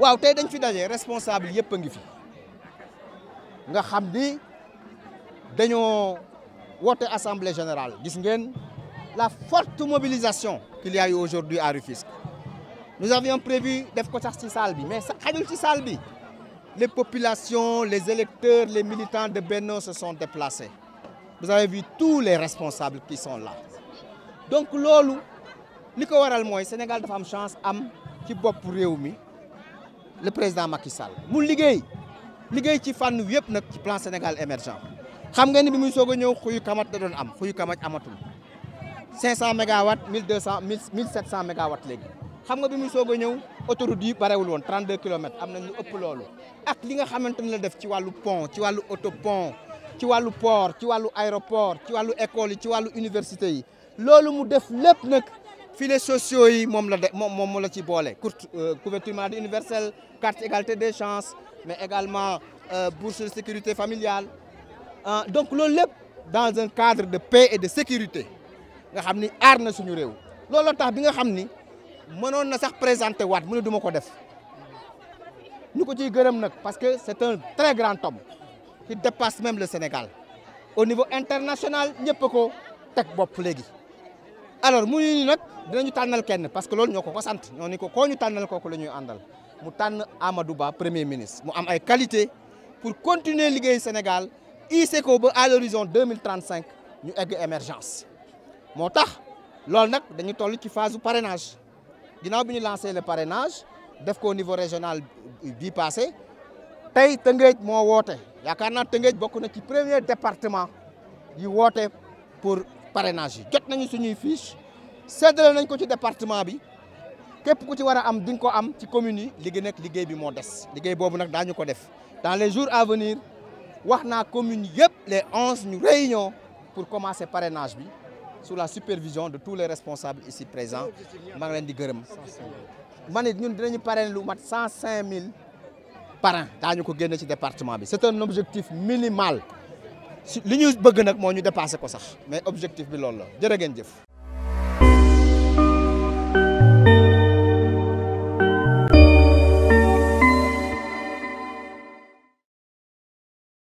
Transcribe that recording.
waaw tey responsables fi daje responsable qui a ngi fi nga xam ni assemblée générale la forte mobilisation qu'il y a eu aujourd'hui à Rufisque nous avions prévu des ko sax salle mais ça a ci salle les populations les électeurs les militants de Benoît se sont déplacés vous avez vu tous les responsables qui sont là donc l'olu, li ko waral le Sénégal dafa am chance am ci pour le président Macky Sall mu liggéey liggéey ci fànn yëpp nag ci plan Sénégal émergent xam nga ni bi muy soog a ñëw xuyu kamat da doon am xuyu kamat amatul 500 mégawatts 1200 1700 mégawatts léegi xam nga bi muy soog a autoroute yi barewul woon 32 kilomètres am nañu ëpp loolu ak li nga xamante ne la def ci wàllu pont ci wàllu autopont ci wàllu port ci wàllu aéroport ci wàllu école yi ci wàllu université yi L'olu mu def lépp nak filets sociaux yi moom la de moom la ci boole euh, couverture maladie universelle carte égalité des chances mais également euh, bourse de sécurité familiale euh, donc loolu lépp dans un cadre de paix et de sécurité nga xam ni aar na suñu réew looloo tax bi nga xam ni na sax présenté waat mu ne du ma ko def ñu ko ciy gërëm nag parce que c'est un très grand homme qui dépasse même le Sénégal au niveau international ñëpp ko teg bopp léegi alors nous avons parce que nous avons ko nous avons premier ministre qualité pour continuer à Sénégal Il e à l'horizon 2035 avons émergence nous avons phase de parrainage Nous avons lancé le parrainage au niveau régional du passé premier département yi pour parrainage yi jot nañu suñuy fiche séddale nañ ko ci département bi képp ku ci war a am di nga ko am ci communes yi liggéey nag liggéey bi des liggéey ko def dans les jours à venir nous avons communes les 11 ñu réunion pour commencer parrainage bi sous la supervision de tous les responsables ici présents Nous ngi leen di gërëm ma ne ñun dinañu parrainer lu mat ko ci département bi c'est un objectif minimal li ñu bëgg nag moo ñu dépassé ko sax mais objectif bi loolu la jërë ngeen jëf